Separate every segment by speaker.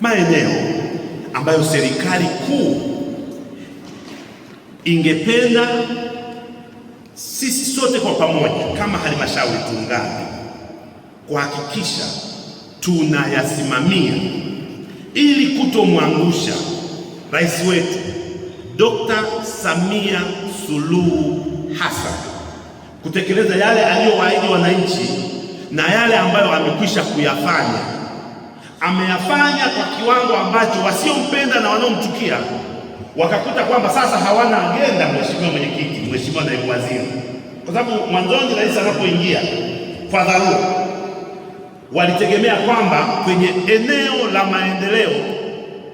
Speaker 1: maeneo ambayo serikali kuu ingependa sisi sote kwa pamoja kama halmashauri tuungane kuhakikisha tunayasimamia ili kutomwangusha rais wetu Dr. Samia Suluhu Hassan kutekeleza yale aliyowaahidi wananchi na yale ambayo amekwisha kuyafanya ameyafanya kwa kiwango ambacho wasiompenda na wanaomchukia wakakuta kwamba sasa hawana agenda. Mheshimiwa Mwenyekiti, Mheshimiwa Naibu Waziri, kwa sababu mwanzoni rais anapoingia kwa dharura walitegemea kwamba kwenye eneo la maendeleo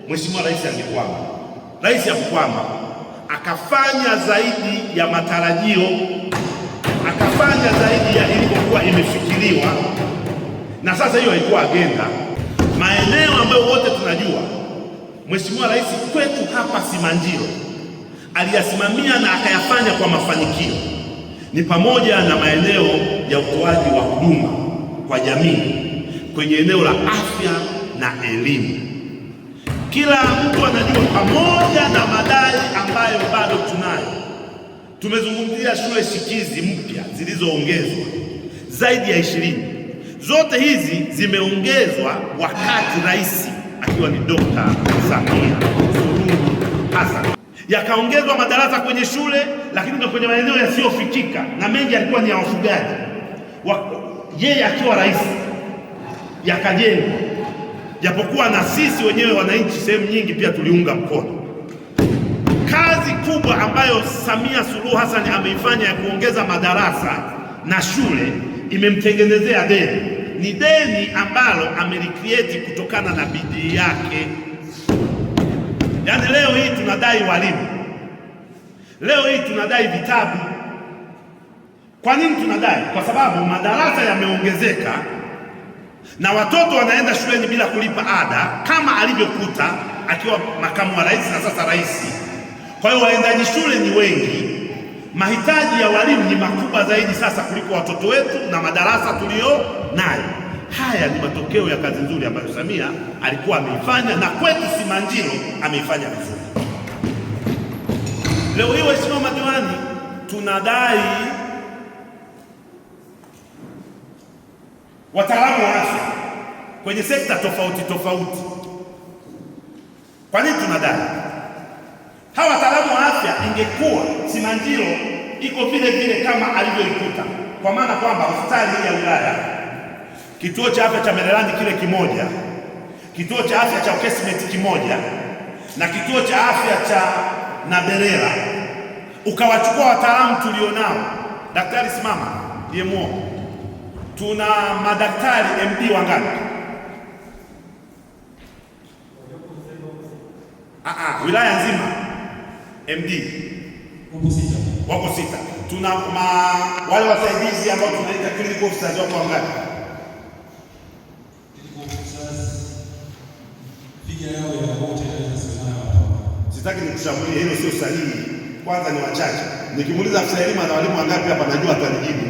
Speaker 1: Mheshimiwa rais angekwama. Rais hakukwama, akafanya zaidi ya matarajio, akafanya zaidi ya ilivyokuwa imefikiriwa, na sasa hiyo haikuwa agenda maeneo ambayo wote tunajua Mheshimiwa Rais kwetu hapa Simanjiro aliyasimamia na akayafanya kwa mafanikio ni pamoja na maeneo ya utoaji wa huduma kwa jamii kwenye eneo la afya na elimu. Kila mtu anajua, pamoja na madai ambayo bado tunayo. Tumezungumzia shule shikizi mpya zilizoongezwa zaidi ya ishirini Zote hizi zimeongezwa wakati rais akiwa ni Dr. Samia Suluhu Hassan, yakaongezwa madarasa kwenye shule, lakini ndio kwenye maeneo yasiyofikika na mengi yalikuwa ni ya wafugaji, yeye akiwa rais yakajengwa, japokuwa na sisi wenyewe wananchi sehemu nyingi pia tuliunga mkono kazi kubwa ambayo Samia Suluhu Hassan ameifanya ya kuongeza madarasa na shule imemtengenezea deni ni deni ambalo amelikrieti kutokana na bidii yake. Yaani leo hii tunadai walimu, leo hii tunadai vitabu. Kwa nini tunadai? Kwa sababu madarasa yameongezeka na watoto wanaenda shuleni bila kulipa ada kama alivyokuta akiwa makamu wa rais na sasa rais. Kwa hiyo waendaji shule ni wengi Mahitaji ya walimu ni makubwa zaidi sasa kuliko watoto wetu na madarasa tuliyo nayo. Haya ni matokeo ya kazi nzuri ambayo Samia alikuwa ameifanya na kwetu Simanjiro ameifanya vizuri. Leo hii waheshimiwa madiwani, tunadai wataalamu wa afya kwenye sekta tofauti tofauti. Kwa nini tunadai? angekuwa Simanjiro iko vile vile kama alivyoikuta, kwa maana kwamba hospitali hii ya wilaya, kituo cha afya cha Mererani kile kimoja, kituo cha afya cha Kesmet kimoja, na kituo cha afya cha Naberera, ukawachukua wataalamu tulionao. Daktari simama, DMO, tuna madaktari MD wangapi? Ah, ah, wilaya nzima MD wako sita. Tuna wale wasaidizi ambao tunaita clinical officers wako ngapi? Sitaki nikushambulie, hilo sio sahihi. Kwanza ni wachache. Nikimuuliza afisa elimu ana walimu wangapi hapa, najua atanijibu,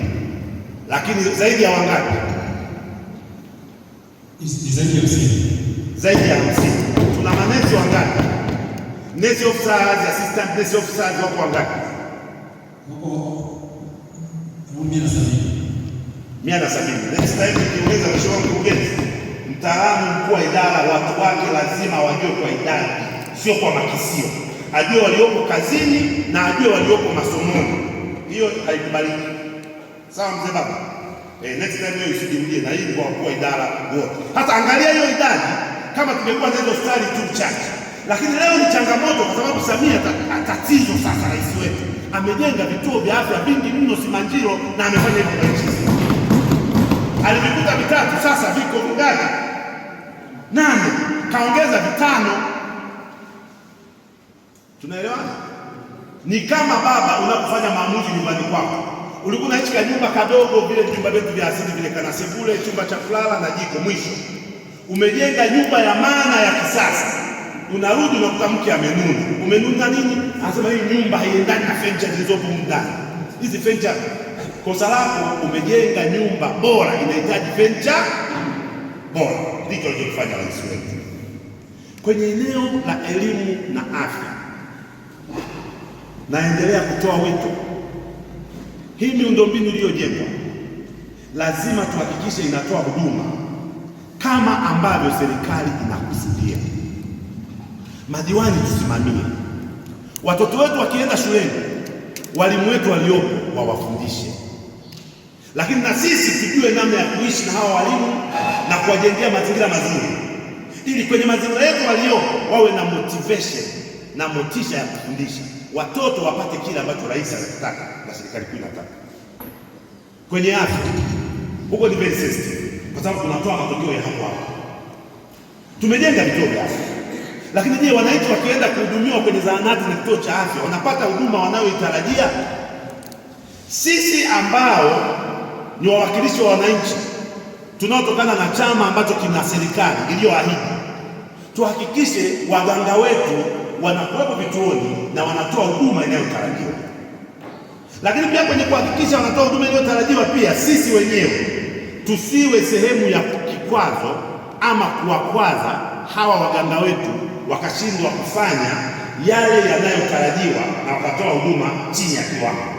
Speaker 1: lakini zaidi ya wangapi? Zaidi ya hamsini. Tuna manesi wangapi? Nesi officers, assistant nesi officers wako wangapi? Mia na sabini. Next time mheshimiwa mkurugenzi, mtaalamu mkuu wa idara, watu wake lazima wajue kwa idadi, sio kwa makisio, ajue walioko kazini na ajue walioko masomoni. Hiyo haikubaliki, sawa mzee baba? Eh, next time hiyo isijirudie, na hii kwa wakuu wa idara wote. Hata angalia hiyo idadi, kama tungekuwa na hizo stari tu chache lakini leo ni changamoto kwa sababu Samia tatizo sasa, rais wetu amejenga vituo vya afya vingi mno Simanjiro, na amefanya hivyo kwa nchi nzima. Alivikuta vitatu, sasa viko vingapi? Nane. Kaongeza vitano. Tunaelewana? Ni kama baba unapofanya maamuzi nyumbani kwako ulikuwa unaishi ka nyumba kadogo vile vyumba vyetu vya asili vile, kana sebule, chumba cha kulala na jiko. Mwisho umejenga nyumba ya maana ya kisasa unarudi unakuta mke amenuna. Umenuna nini? Anasema hii nyumba haiendani na fencha zilizopo ndani. Hizi fencha, kosa lako, umejenga nyumba bora, inahitaji fencha bora. Ndicho alichokifanya rais wetu kwenye eneo la elimu na afya. Naendelea kutoa wito, hii miundombinu iliyojengwa lazima tuhakikishe inatoa huduma kama ambavyo serikali inakusudia. Madiwani tusimamie, watoto wetu wakienda shuleni, walimu wetu waliopo wawafundishe, lakini na sisi tujue namna ya kuishi na hawa walimu na kuwajengea mazingira mazuri, ili kwenye mazingira yetu waliopo wawe na motivation na motisha ya kufundisha watoto wapate kile ambacho rais anataka na serikali kuu inataka. Kwenye afya huko ni very sensitive, kwa sababu tunatoa matokeo ya hapo hapo. Tumejenga vituo vya afya lakini je, wananchi wakienda kuhudumiwa kwenye zahanati na kituo cha afya wanapata huduma wanayoitarajia? Sisi ambao ni wawakilishi wa wananchi tunaotokana na chama ambacho kina serikali iliyoahidi, tuhakikishe waganga wetu wanakuwepo vituoni na wanatoa huduma inayotarajiwa. Lakini pia kwenye kuhakikisha wanatoa huduma inayotarajiwa, pia sisi wenyewe tusiwe sehemu ya kikwazo ama kuwakwaza hawa waganga wetu wakashindwa kufanya yale yanayotarajiwa na wakatoa huduma chini ya kiwango.